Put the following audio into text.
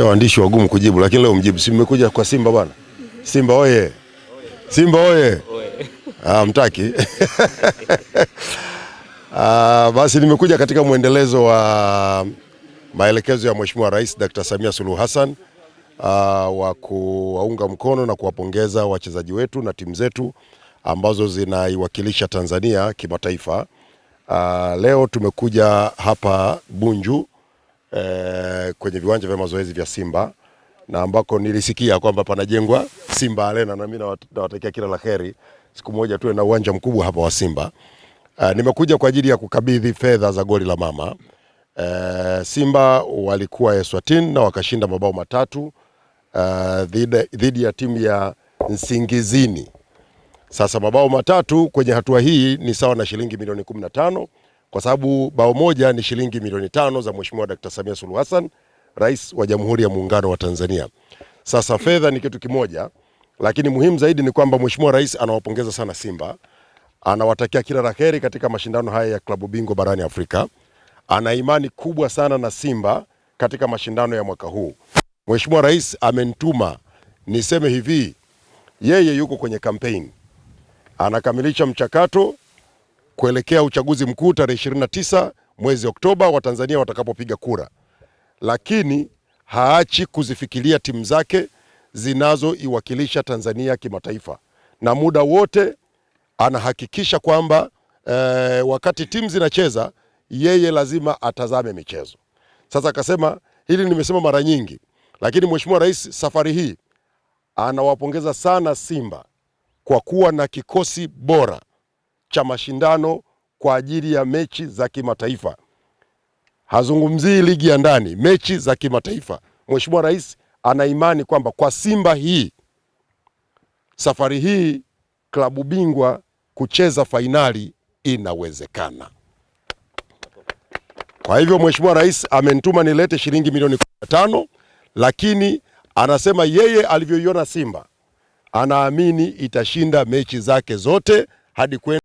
ya waandishi wagumu kujibu, lakini leo mjibu. Si mmekuja kwa Simba bwana? Simba oye! Simba oye! Ah, mtaki ah, basi nimekuja katika mwendelezo wa maelekezo ya Mheshimiwa Rais Dr. Samia Suluhu Hassan ah, wa kuwaunga mkono na kuwapongeza wachezaji wetu na timu zetu ambazo zinaiwakilisha Tanzania kimataifa. Ah, leo tumekuja hapa Bunju eh, kwenye viwanja vya mazoezi vya Simba na ambako nilisikia kwamba panajengwa Simba Arena, na mimi nawatakia kila laheri siku moja tuwe na uwanja mkubwa hapa wa Simba. Uh, nimekuja kwa ajili ya kukabidhi fedha za goli la mama. Uh, Simba walikuwa Eswatini na wakashinda mabao matatu uh, dhidi ya timu ya Nsingizini. Sasa mabao matatu kwenye hatua hii ni sawa na shilingi milioni 15 kwa sababu bao moja ni shilingi milioni tano za Mheshimiwa Dkt. Samia Suluhu Hassan, Rais wa Jamhuri ya Muungano wa Tanzania. Sasa fedha ni kitu kimoja, lakini muhimu zaidi ni kwamba Mheshimiwa Rais anawapongeza sana Simba, anawatakia kila la heri katika mashindano haya ya klabu bingwa barani Afrika. Ana imani kubwa sana na Simba katika mashindano ya mwaka huu. Mheshimiwa Rais amenituma niseme hivi, yeye yuko kwenye kampeni, anakamilisha mchakato kuelekea uchaguzi mkuu tarehe 29 mwezi Oktoba Watanzania watakapopiga kura, lakini haachi kuzifikiria timu zake zinazoiwakilisha Tanzania kimataifa, na muda wote anahakikisha kwamba eh, wakati timu zinacheza yeye lazima atazame michezo. Sasa akasema hili nimesema mara nyingi, lakini Mheshimiwa Rais safari hii anawapongeza sana Simba kwa kuwa na kikosi bora cha mashindano kwa ajili ya mechi za kimataifa. Hazungumzii ligi ya ndani, mechi za kimataifa. Mheshimiwa Rais ana imani kwamba kwa Simba hii safari hii klabu bingwa kucheza fainali inawezekana. Kwa hivyo Mheshimiwa Rais amenituma nilete shilingi milioni 15 lakini anasema yeye alivyoiona Simba anaamini itashinda mechi zake zote hadi kwenda